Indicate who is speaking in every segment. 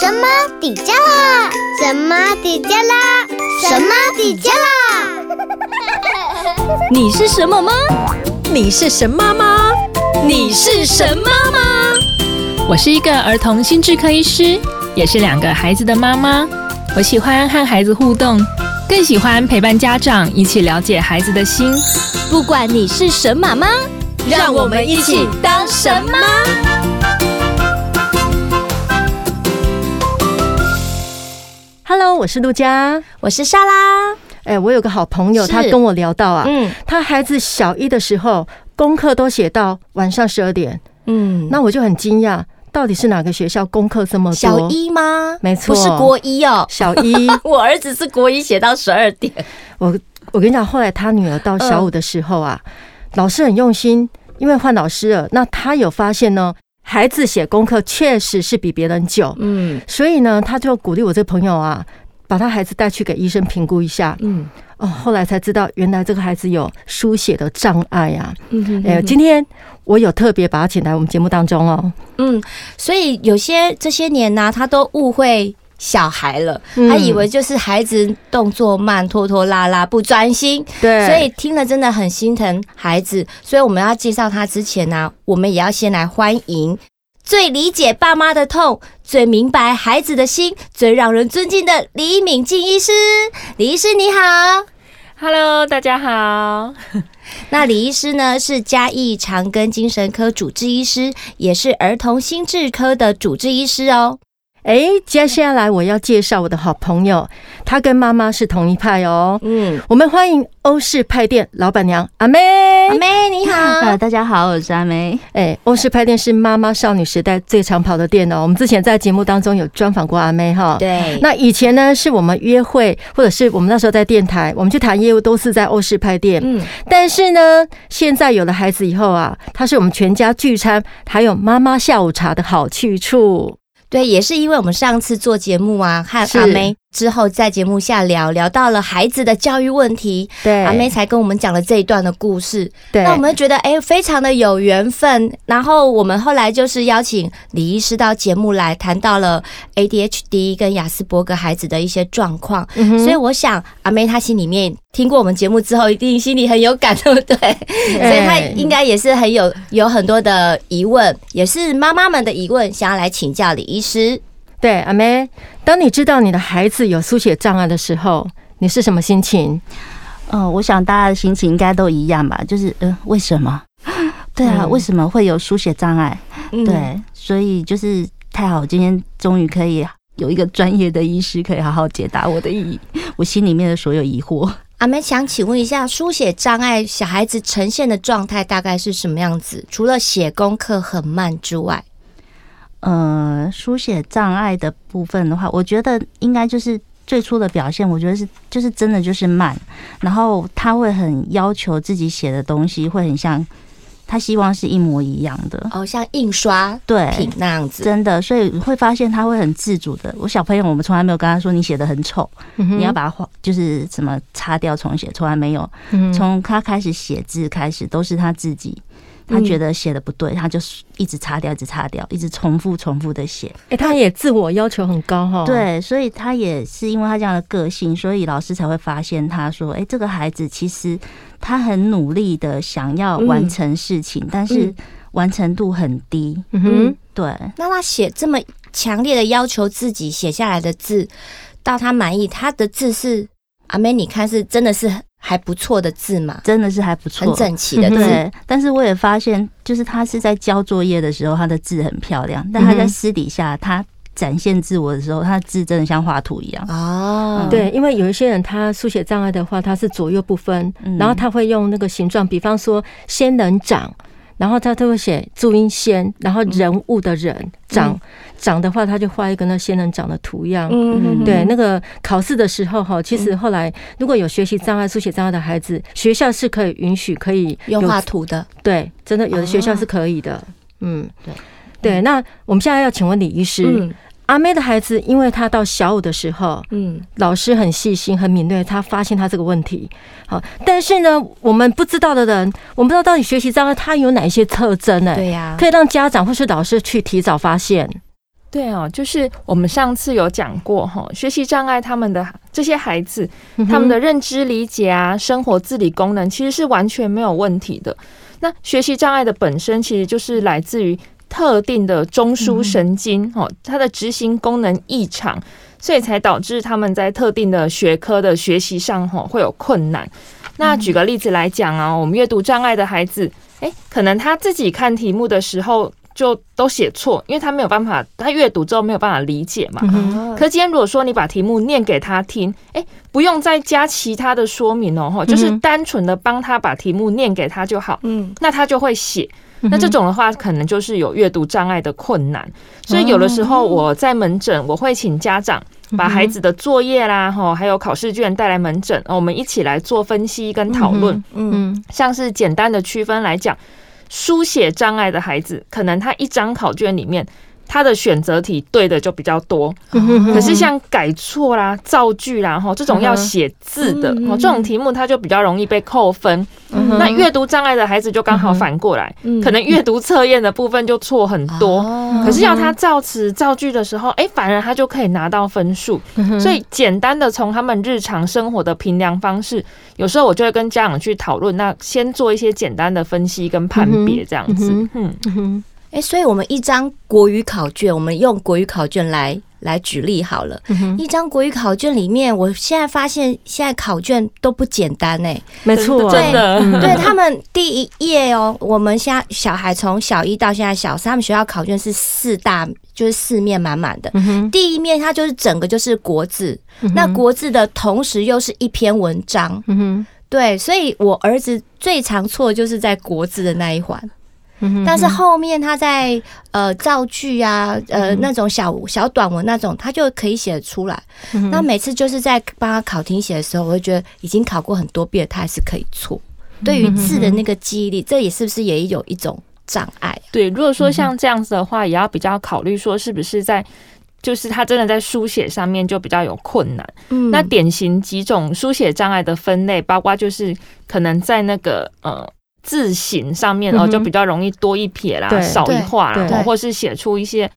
Speaker 1: 神媽底加拉？神媽底加拉？神媽底加拉？你是什麼媽？你是神媽嗎？
Speaker 2: 你是神媽嗎？我是一個兒童心智科醫師，也是兩個孩子的媽媽。我喜歡和孩子互動，更喜歡陪伴家長一起了解孩子的心。不管你是什麼媽，媽，讓我們一起當神媽。
Speaker 1: Hello，我是陸佳，我是莎拉。哎、欸，我有個好朋友，是他跟我聊到啊，嗯，他孩子小一的時候，功課都寫到晚上十二點。嗯，那我就很驚訝，到底是哪個學校功課這麼多？小一
Speaker 3: 嗎？沒錯錯，不是國一哦、喔，1 小一。 我兒子是國一寫到十二點。
Speaker 1: 我我跟你講，後來他女兒到小五的時候啊，嗯、老師很用心，因為換老師了。那他有發現呢？孩子寫功課確實是比別人久，嗯，所以呢，他就鼓勵我這朋友啊，把他孩子帶去給醫生評估一下，嗯，哦，後來才知道原來這個孩子有書寫的障礙啊。嗯哼哼哼，哎，今天我有特別把他請來我們節目當中哦，嗯，
Speaker 3: 所以有些這些年呢、啊，他都誤會。小孩了，嗯、他以為就是孩子動作慢、拖拖拉拉、不專心，對所以聽了真的很心疼孩子。所以我們要介紹他之前呢、啊，我們也要先來歡迎最理解爸媽的痛、最明白孩子的心、最讓人尊敬的李旻靜醫師。李醫師你好，Hello，大家好。 那李醫師呢是嘉義長
Speaker 1: 庚精神科主治醫師，也是兒童心智科的主治醫師哦。哎，接下來我要介紹我的好朋友，她跟媽媽是同一派哦。嗯，我們歡迎歐式派店老闆娘阿妹。阿妹你好，大家好，我是阿妹。哎，歐式派店是媽媽少女時代最常跑的店哦。我們之前在節目當中有專訪過阿妹。哈。對。那以前呢，是我們約會，或者是我們那時候在電台，我們去談業務都是在歐式派店。嗯。但是呢，現在有了孩子以後啊，它是我們全家聚餐，還有媽媽下午茶的好去處。對，也是因
Speaker 3: 為我們上次做節目啊，和阿梅，之後在節目下聊聊到了孩子的教育問題，對，阿妹才跟我們講了這一段的故事，對，那我們覺得哎、欸，非常的有緣分。然後我們後來就是邀請李醫師到節目來談到了 ADHD 跟亞斯伯格孩子的一些狀況，嗯、哼所以我想阿妹她心裡面聽過我們節目之後，一定心裡很有感，對不對？嗯、所以她應該也是很有
Speaker 1: 有很多的疑問，也是媽媽們的疑問，想要來請教李醫師。對，阿妹，當你知道你的孩子有書寫障礙的時候，你是什麼心情？呃，我想大家的心情應該都一樣吧，就是，嗯、呃，為什麼？對
Speaker 4: 啊，嗯、為什麼會有書寫障礙？對，嗯、所以就是太好，今天終於可以有一個專業的醫師可以好好解答我的疑，我心裡面的所有疑惑。
Speaker 3: 阿妹，想請問一下，書寫障礙小孩子呈現的狀態大概是什麼樣子？除了寫功課很慢之外。呃，書寫障
Speaker 4: 礙的部分的話，我覺得應該就是最初的表現。我覺得是就是真的就是慢，然後他會很要求自己寫的東西，會很像他希望是一模一樣的哦，
Speaker 3: 像印刷
Speaker 4: 品對，那樣子。真的，所以會發現他會很自主的。我小朋友，我們從來沒有跟他說你寫的很醜，嗯、哼你要把它畫就是什麼擦掉重寫，從來沒有。從、嗯、哼他開始寫字開始，都是他自己。他覺得寫的不對，他就一直擦掉，一直擦掉，一直重複重複的寫。
Speaker 1: 哎、欸，他也自我要求很高哈、哦。對，
Speaker 4: 所以他也是因為他這樣的個性，所以老師才會發現他說：“哎、欸，這個孩子其實他很努力的想要完成事情，嗯、但是完成度很低。”嗯哼，
Speaker 3: 對。那他寫這麼強烈的要求自己寫下來的字到他滿意，他的字是？阿妹，你看是真的是還不錯的字嘛？真的是還不錯，很整齊的字，嗯、哼對。但是我也發現，
Speaker 4: 就是他是在交作業的時候，他的字很漂亮；但他在私底下，他展現自我的時候，他的字真的像畫圖一樣哦。
Speaker 1: 嗯、對，因為有一些人他書寫障礙的話，他是左右不分，然後他會用那個形狀，比方說仙人掌。然後他都會寫注音仙，然後人物的“人”長長的話，他就畫一個那仙人掌的圖樣。對，那個考試的時候哈，其實後來如果有學習障礙、書寫障礙的孩子，學校是可以允許可以用畫圖的。對，真的有的學校是可以的。嗯，對對。那我們現在要請問李醫師。阿妹的孩子，因為他到小五的時候，嗯，老師很細心、很敏銳，他發現他這個問題。好，但是呢，我們不知道的人，我們不知道到底學習障礙他有哪些特徵呢？對呀、啊，可以讓家長或是老師去提早發現。
Speaker 2: 對哦，就是我們上次有講過吼，學習障礙他們的這些孩子，他們的認知理解啊，生活自理功能其實是完全沒有問題的。那學習障礙的本身，其實就是來自於。特定的中樞神經哦，它的執行功能異常，所以才導致他們在特定的學科的學習上會有困難。那舉個例子來講啊，我們閱讀障礙的孩子，誒、欸，可能他自己看題目的時候就都寫錯，因為他沒有辦法，他閱讀之後沒有辦法理解嘛。嗯、哼可是今天如果說你把題目念給他聽，誒、欸，不用再加其他的說明哦，就是單純的幫他把題目念給他就好。嗯哼，那他就會寫。那這種的話，可能就是有閱讀障礙的困難，所以有的時候我在門診，我會請家長把孩子的作業啦，哈，還有考試卷帶來門診，我們一起來做分析跟討論。嗯，像是簡單的區分來講，書寫障礙的孩子，可能他一張考卷裡面，他的選擇題對的就比較多，可是像改錯啦、造句啦吼這種要寫字的這種題目，他就比較容易被扣分。嗯、哼那閱讀障礙的孩子就剛好反過來，嗯嗯、可能閱讀測驗的部分就錯很多，嗯嗯、可是要他造詞造句的時候，哎、欸，反而他就可以拿到分數。所以簡單的從他們日常生活的評量方式，有時候我就會跟家長去討論，那先做一些簡單的分析跟判別這樣子。嗯哼嗯
Speaker 3: 哼嗯哼哎、欸，所以我們一張國語考卷，我們用國語考卷來來舉例好了。嗯、哼一張國語考卷裡面，我現在發現現在考卷都不簡單哎、欸，沒錯、啊，對的。嗯、哼對他們第一頁哦、喔，我們現在小孩從小一到現在小三，他們學校考卷是四大，就是四面滿滿的。嗯、哼第一面它就是整個就是國字，嗯、哼那國字的同時又是一篇文章。嗯、哼對，所以我兒子最常錯的就是在國字的那一環。但是後面他在呃造句啊，呃那種小小短文那種，他就可以寫出來。嗯哼。那每次就是在幫他考聽寫的時候，我就覺得已經考過很多遍，他還是可以錯。對於字的那
Speaker 2: 個記憶力，這也是不是也有一種障礙啊？對，如果說像這樣子的話，也要比較考慮說是不是在，就是他真的在書寫上面就比較有困難。嗯，那典型幾種書寫障礙的分類，包括就是可能在那個呃。字形上面，哦，就比較容易多一撇啦，嗯、哼少一畫啦，然後或是寫出一些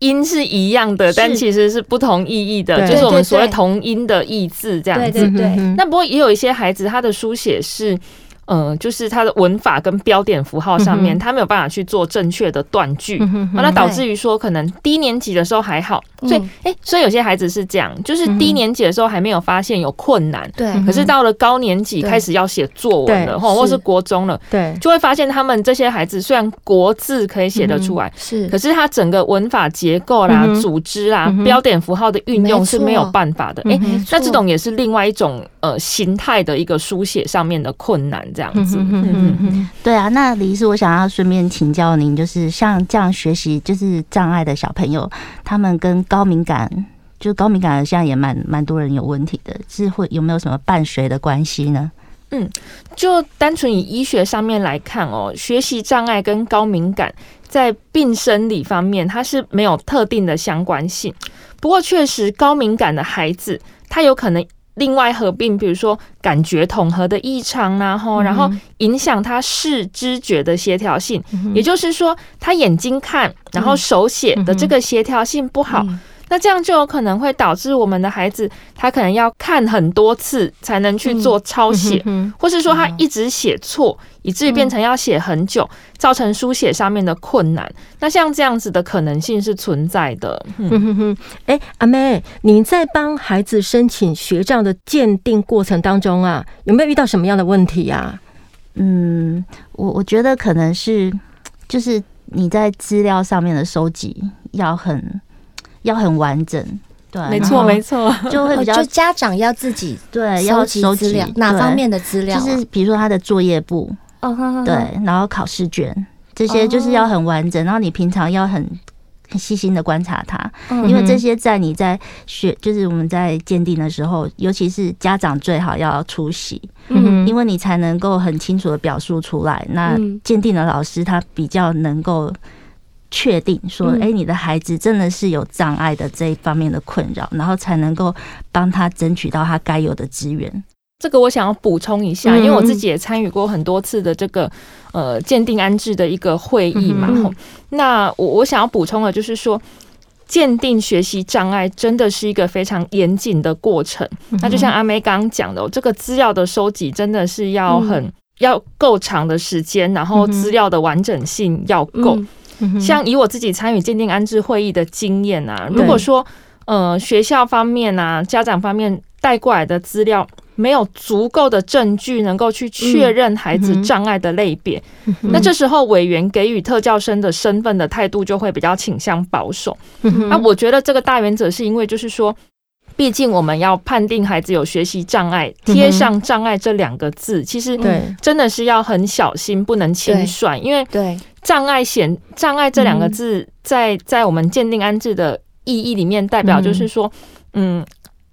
Speaker 2: 音是一樣的，是但其實是不同意義的，對對對，就是我們所謂同音的異字這樣子。對對對。嗯、哼哼那不過也有一些孩子，他的書寫是。嗯，就是他的文法跟標點符號上面，他沒有辦法去做正確的斷句，那導致於說，可能低年級的時候還好，所以，哎，所以有些孩子是這樣，就是低年級的時候還沒有發現有困難，對，可是到了高年級開始要寫作文了，或或是國中了，對，就會發現他們這些孩子雖然國字可以寫得出來，是，可是他整個文法結構啦、組織啊、標點符號的運用是沒有辦法的，哎，那這種也是另外一種呃形態的一個書寫上面的困難。這樣子，嗯、
Speaker 4: 哼哼哼哼對啊。那李醫師，我想要順便請教您，就是像這樣學習就是障礙的小朋友，他們跟高敏感，就是高敏感像，現在也蠻蠻多人有問題的，是會有沒有什麼伴隨的關係呢？嗯，
Speaker 2: 就單純以醫學上面來看哦，學習障礙跟高敏感在病生理方面，它是沒有特定的相關性。不過，確實高敏感的孩子，他有可能。另外合併，比如說感覺統合的異常啊，吼然後影響他視知覺的協調性，也就是說，他眼睛看，然後手寫的這個協調性不好。那這樣就有可能會導致我們的孩子，他可能要看很多次才能去做抄寫，嗯、或是說他一直寫錯，嗯、以至於變成要寫很久，嗯、造成書寫上面的困難。那像這樣子的可能性是存在的。哼哼，哎，阿妹，你在幫孩子申請學障的鑑定過程當中啊，
Speaker 1: 有沒有遇到什麼樣的問題呀、啊？嗯，
Speaker 4: 我我覺得可能是，就是你在資料上面的收集要很。要很完整，對，沒錯沒錯，就會比較、哦、就家
Speaker 3: 長要自己對收集資料，要搜集，對，哪方面的資料、啊？就是
Speaker 4: 比如說他的作業簿，
Speaker 3: 對，
Speaker 4: 然後考試卷這些，就是要很完整。然後你平常要很很細心的觀察他，嗯、哼因為這些在你在學，就是我們在鑑定的時候，尤其是家長最好要出席，嗯、哼因為你才能夠很清楚的表述出來。那鑑定的老師他比較能夠。確定說，哎、欸，你的孩子真的是有障礙的這一方面的困擾，然後才能夠幫他爭取到他該有的資源。
Speaker 2: 這個我想要補充一下，因為我自己也參與過很多次的這個呃鑑定安置的一個會議嘛。嗯、那我我想要補充的就是說，鑑定學習障礙真的是一個非常嚴謹的過程。嗯、那就像阿梅剛剛講的，這個資料的收集真的是要很、嗯、要夠長的時間，然後資料的完整性要夠。嗯嗯像以我自己參與鑑定安置會議的經驗啊，如果說呃學校方面啊、家長方面帶過來的資料沒有足夠的證據，能夠去確認孩子障礙的類別，嗯、那這時候委員給予特教生的身份的態度就會比較傾向保守。那、啊、我覺得這個大原則是因為就是說。畢竟，我們要判定孩子有學習障礙，貼上“障礙”這兩個字，其實真的是要很小心，不能輕率，因為“障礙險”“障礙”這兩個字，在在我們鑑定安置的意義裡面，代表就是說，嗯，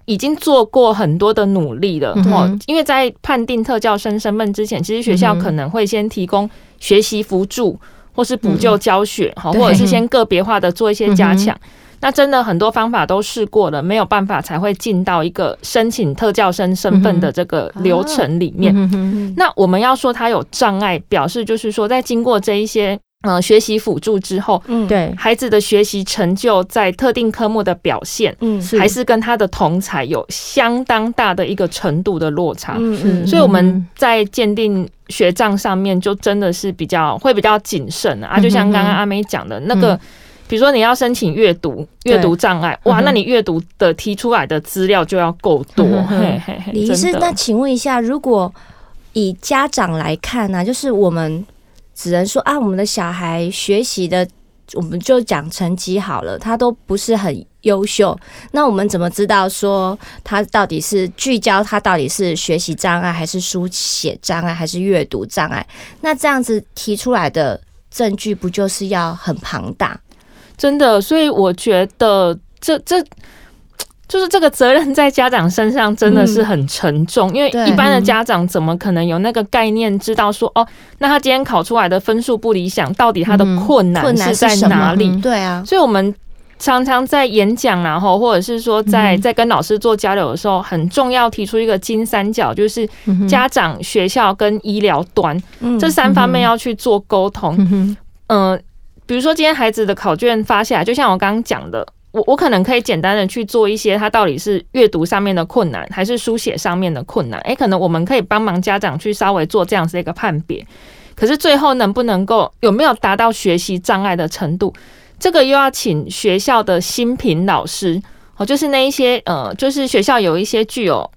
Speaker 2: 已經做過很多的努力了，哦，因為在判定特教生身份之前，其實學校可能會先提供學習輔助，或是補救教學，或者是先個別化的做一些加強。那真的很多方法都試過了，沒有辦法才會進到一個申請特教生身份的這個流程裡面。嗯啊、那我們要說他有障礙，表示就是說在經過這一些呃學習輔助之後，嗯，對孩子的學習成就在特定科目的表現，嗯，還是跟他的同儕有相當大的一個程度的落差。嗯，所以我們在鑑定學障上面就真的是比較會比較謹慎啊、嗯、哼啊，就像剛剛阿梅講的、嗯、那個。比如說你要申請閱讀閱讀障礙，對哇，嗯、哼那你閱讀的提出來的資料就要夠多。李醫師，那
Speaker 3: 請問一下，如果以家長來看呢、啊，就是我們只能說啊，我們的小孩學習的，我們就講成績好了，他都不是很優秀。那我們怎麼知道說他到底是聚焦，他到底是學習障礙還是書寫障礙還是閱讀障礙？那這樣子提出來的證
Speaker 2: 據不就是要很龐大？真的，所以我覺得這這就是這個責任在家長身上真的是很沉重，嗯、因為一般的家長怎麼可能有那個概念知道說、嗯、哦，那他今天考出來的分數不理想，到底他的困難困難是在哪裡？嗯、對啊，所以我們常常在演講然後或者是說在、嗯、哼在跟老師做交流的時候，很重要提出一個金三角，就是家長、嗯、哼學校跟醫療端、嗯、這三方面要去做溝通，嗯。比如說，今天孩子的考卷發下來，就像我剛剛講的，我我可能可以簡單的去做一些，他到底是閱讀上面的困難，還是書寫上面的困難？誒可能我們可以幫忙家長去稍微做這樣子的一個判別。可是最後能不能夠有沒有達到學習障礙的程度，這個又要請學校的心評老師，哦，就是那一些呃，就是學校有一些具有。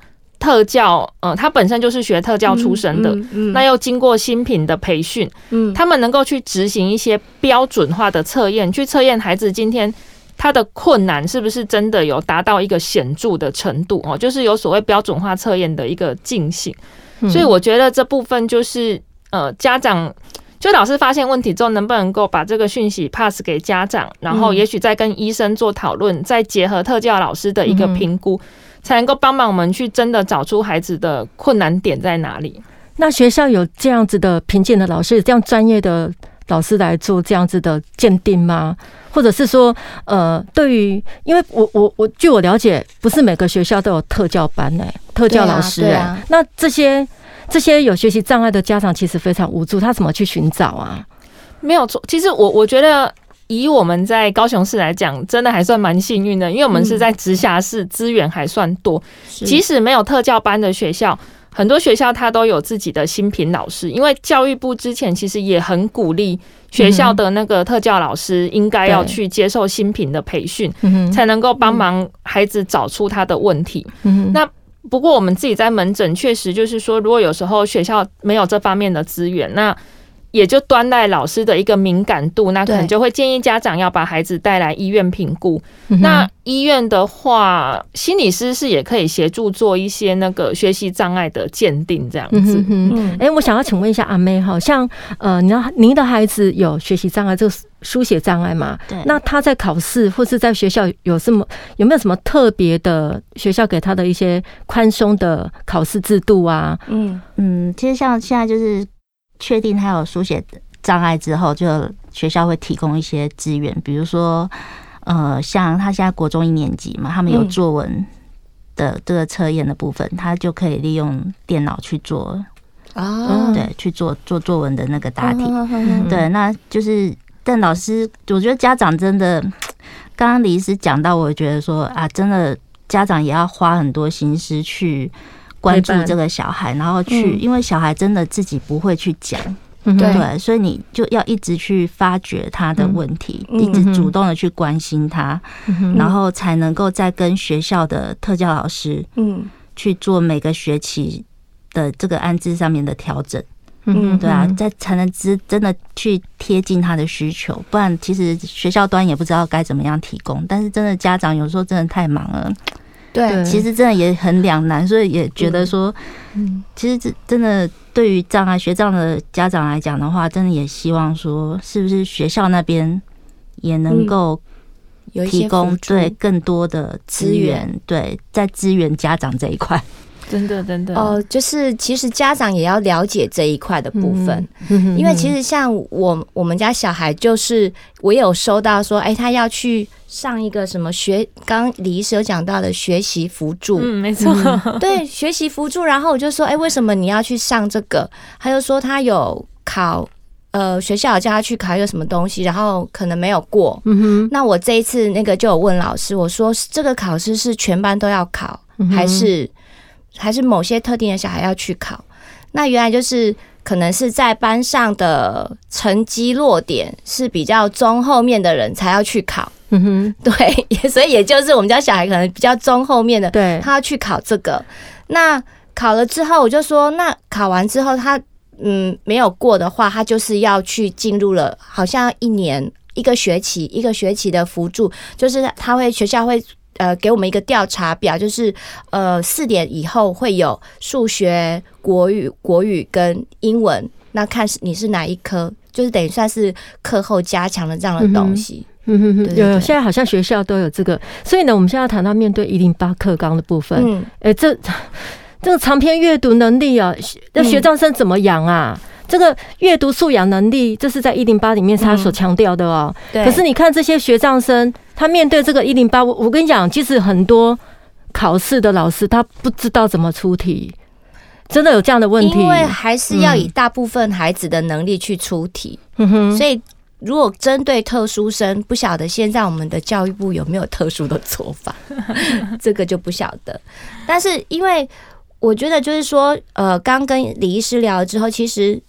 Speaker 2: 特教，呃，他本身就是學特教出身的，嗯嗯嗯、那又經過新品的培訓，嗯，他們能夠去執行一些標準化的測驗，嗯，去測驗孩子今天他的困難是不是真的有達到一個顯著的程度哦，就是有所謂標準化測驗的一個進行，嗯、所以我覺得這部分就是呃，家長就老師發現問題之後，能不能夠把這個訊息 pass 給家長，然後也許再跟醫生做討論，嗯，再結合特教老師的一個評估。嗯嗯嗯才能夠幫忙我們去真的找出孩子的困難點在哪裡？
Speaker 1: 那學校有這樣子的評鑑的老師，這樣專業的老師來做這樣子的鑑定嗎？或者是說，呃，對於，因為我我我據我了解，不是每個學校都有特教班哎、欸，特教老師、欸，對啊，對啊。那這些這些有學習障礙的家長其實非常無助，他怎麼去尋找啊？
Speaker 2: 沒有錯，其實我我覺得。以我們在高雄市來講，真的還算蠻幸運的，因為我們是在直轄市，嗯、資源還算多。是即使沒有特教班的學校，很多學校它都有自己的心評老師，因為教育部之前其實也很鼓勵學校的那個特教老師應該要去接受心評的培訓，嗯、哼才能夠幫忙孩子找出他的問題。嗯、哼那不過我們自己在門診，確實就是說，如果有時候學校沒有這方面的資源，那。也就端賴老師的一個敏感度，那可能就會建議家長要把孩子帶來醫院評估。對那醫院的話，嗯、哼心理師是也可以協助做一些那個學習障礙的鑑定這樣子。嗯哼哼，哎、
Speaker 1: 欸，我想要請問一下阿妹哈，像呃，您您的孩子有學習障礙，就是書寫障礙嗎？對。那他在考試或是在學校有什麼有沒有什麼特別的學校給他的一些寬鬆的考試制度啊？嗯嗯，其實像現在就是。確定他有書寫障礙之後，就
Speaker 4: 學校會提供一些資源，比如說，呃，像他現在國中一年級嘛，他們有作文的這個測驗的部分，嗯、他就可以利用電腦去做啊，對，去做做作文的那個答題。對，那就是，但老師，我覺得家長真的，剛剛李醫師講到，我覺得說啊，真的家長也要花很多心思去。關注這個小孩，陪伴然後去，嗯、因為小孩真的自己不會去講，嗯、對，對，所以你就要一直去發掘他的問題，嗯、一直主動的去關心他，嗯嗯、然後才能夠再跟學校的特教老師，
Speaker 3: 嗯，
Speaker 4: 去做每個學期的這個安置上面的調整，嗯，對啊，再、嗯、才能知真的去貼近他的需求，不然其實學校端也不知道該怎麼樣提供，但是真的家長有時候真的太忙了。對，其實真的也很兩難，所以也覺得說，嗯、其實真真的對於障礙學障的家長來講的話，真的也希望說，是不是學校那邊也能夠提供，嗯、有對更多的資源，嗯、對，在支援家長這一塊。
Speaker 3: 真的，真的哦、呃，就是其實家長也要了解這一塊的部分，嗯、因為其實像我我們家小孩，就是我有收到說，哎，他要去上一個什麼學，剛李醫師有講到的學習輔助，嗯，沒錯、嗯，對，學習輔助。然後我就說，哎，為什麼你要去上這個？他就說他有考，呃，學校叫他去考一個什麼東西，然後可能沒有過。嗯哼，那我這一次那個就有問老師，我說這個考試是全班都要考、嗯、哼還是？還是某些特定的小孩要去考，那原來就是可能是在班上的成績落點是比較中後面的人才要去考。嗯哼，對，所以也就是我們家小孩可能比較中後面的，對，他要去考這個。那考了之後，我就說，那考完之後他嗯沒有過的話，他就是要去進入了好像一年一個學期一個學期的輔助，就是他會學校會。呃，給我們一個調查表，就是呃四點以後會有數學、國語、國語跟英文，那看你是哪一科，就是等於算是課後加強的這樣的東西。嗯哼，嗯哼
Speaker 1: 哼，對對對，有，有現在好像學校都有這個，所以呢，我們現在要談到面對一零八課綱的部分，哎、嗯欸，這 這個長篇閱讀能力啊，那學障生怎麼養啊？嗯這個閱讀素養能力，這是在一零八裡面他所強調的哦。嗯、對。可是你看這些學障生，他面對這個一零八，我我跟你講，其實很多考試的老師他不知道怎麼出題，真的有這樣的問題。因為
Speaker 3: 還是要以大部分孩子的能力去出題，嗯、所以如果針對特殊生，不曉得現在我們的教育部有沒有特殊的做法， 這個就不曉得。但是因為我覺得就是說，呃，剛跟李醫師聊了之後，其實。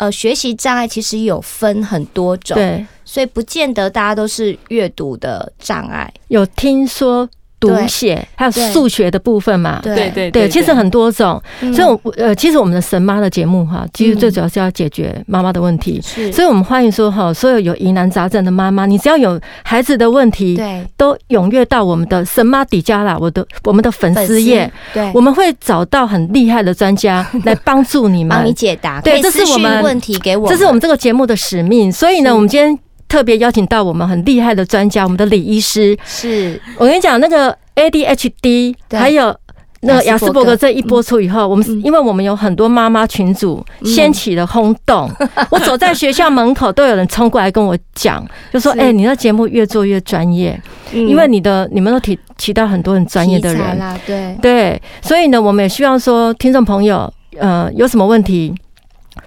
Speaker 3: 呃，學習障礙其實有分很多種，對所以不見得大家都是閱讀的障礙。
Speaker 1: 有聽說。讀寫還有數學的部分嘛？對對對，對，對，對，對，對，其實很多種。嗯、所以我，呃，其實我們的神媽的節目哈，其實最主要是要解決媽媽的問題。嗯、所以我們歡迎說哈，所有有疑難雜症的媽媽，你只要有孩子的問題，對都踴躍到我們的神媽底加拉。我的我們的粉絲頁，對，我們會找到很厲害的專家來幫助你們， 幫你解答。對，這是我們問題給我們，這是我們這個節目的使命。所以呢，是我們今天。特別邀請到我們很厲害的專家，我們的李醫師。
Speaker 3: 是
Speaker 1: 我跟你講，那個 ADHD，還有那個亞斯伯格，這一播出以後，我們因為我們有很多媽媽群組掀起了轟動。我走在學校門口，都有人衝過來跟我講，就說：“哎，你的節目越做越專業，
Speaker 2: 因為你
Speaker 1: 的你們都提提到很多很專業的人，對，所以呢，我們也希望說，聽眾朋友，呃，有什麼問題，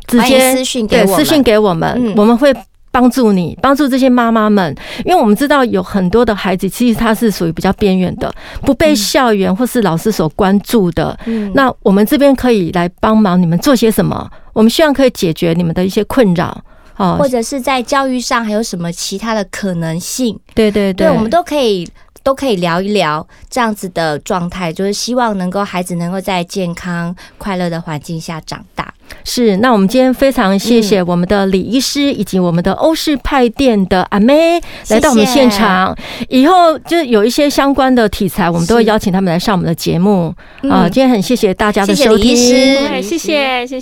Speaker 2: 直接私信給我，私信給
Speaker 1: 我們，我們會。幫助你，幫助這些媽媽們，因為我們知道有很多的孩子，其實他是屬於比較邊緣的，不被校園或是老師所關注的。嗯，那我們這邊可以來幫忙你們做些什麼？我們希望可以解決你們的一些困擾，哦，或
Speaker 3: 者是在教育上還有什麼其他的可能性？
Speaker 1: 對對對，對，我們都
Speaker 3: 可以。都可以聊一聊這樣子的狀態，就是希望能夠孩子能夠在健康快樂的環境
Speaker 1: 下長大。是，那我們今天非常謝謝我們的李醫師以及我們的歐式派店的 Amay、e、來到我們現場。謝謝。以後就有一些相關的題材，我們都會邀請他們來上我們的節目。啊是、呃，今天很謝謝大家的收聽，嗯、謝謝李醫師，謝謝謝謝，謝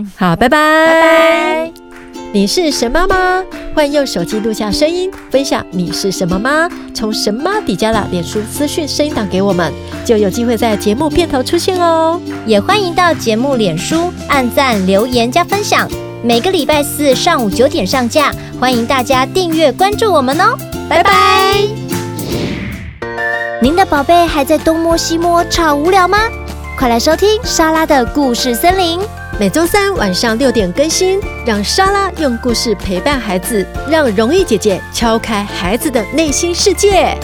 Speaker 1: 謝好，拜拜，拜拜。你是神媽嗎？歡迎用手機錄下聲音，分享你是什麼媽，從神媽底加拉臉書私訊聲音檔給我們，就有機會在節目片頭出現哦。也歡迎到節
Speaker 3: 目臉書按讚、留言加分享。每個禮拜四上午九點上架，歡迎大家訂閱關注我們哦。拜拜 bye。
Speaker 1: 您的寶貝還在東摸西摸吵無聊嗎？快來收聽莎拉的故事森林。每週三晚上六點更新，讓莎拉用故事陪伴孩子，讓容易姐姐敲開孩子的內心世界。